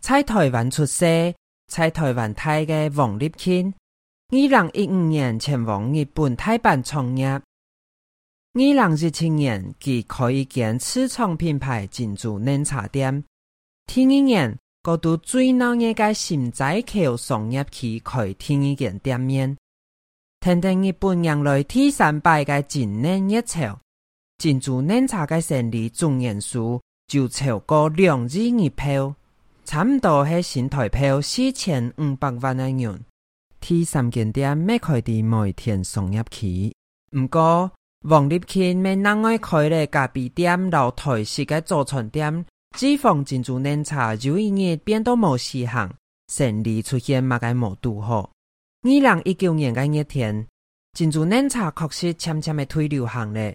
在台灣出生、在台灣大嘅王立慶，二零一五年前往日本大阪創業。二零一七年，佢可以自創品牌珍珠奶茶店。第二年，佢在最鬧熱嘅心齋橋商業區開第二間店面。聽聽日本人類第三百嘅珍奶熱潮，珍珠奶茶嘅勝利總人數就超過兩億二票，差唔多喺新台票四千五百萬元，第三間店咩開啲梅田商業區。唔過，王立慶咩人愛開嘅咖啡店、樓台、世界早餐店、解放珍珠奶茶，就一日變都冇時行，生理出現麼個冇拄好。二零一九年嘅一天，珍珠奶茶確實漸漸嘅退流行咧。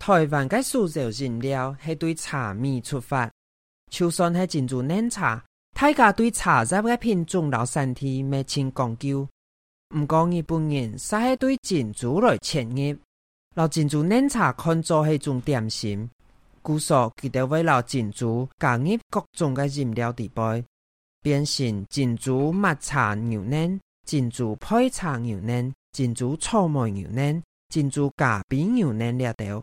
台灣嘅蘇州飲料係對茶味出發，就算係珍珠奶茶，大家對茶葉嘅品種、老身體未清講究。唔講日本人晒係對珍珠來簽約，老珍珠奶茶看做係種點心，據說佢哋為了珍珠加入各種嘅飲料搭配，變成珍珠抹茶牛奶、珍珠配茶牛奶、珍珠草莓牛奶、珍珠咖啡牛奶了。到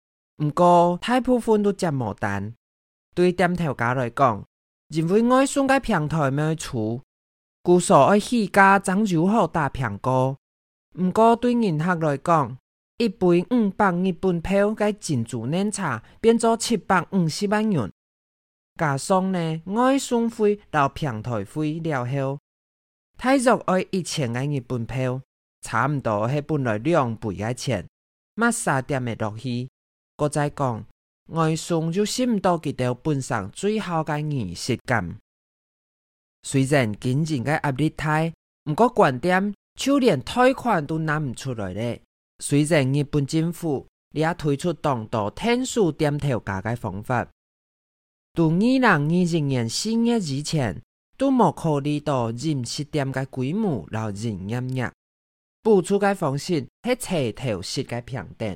唔過，大部分都接無單。對店頭家嚟講，認為我送個平台咩處，故所我起價爭取好打平果。唔過對人客嚟講，一杯五、嗯、百日本票嘅珍珠奶茶變咗七百五十萬元，加上呢我送費到平台費然後，睇住我一千個日本票，差唔多係本來兩倍嘅錢，冇晒點嘅落去。我再講，外送就食唔到佢條本身最好嘅儀式感，感。雖然經濟嘅壓力大，唔過觀點就連貸款都拿唔出來咧。雖然日本政府也推出眾多天數點頭價嘅方法，但二零二零年生意之前都冇考慮到飲食店嘅規模，留人壓壓，部出嘅方式係斜條式嘅平等。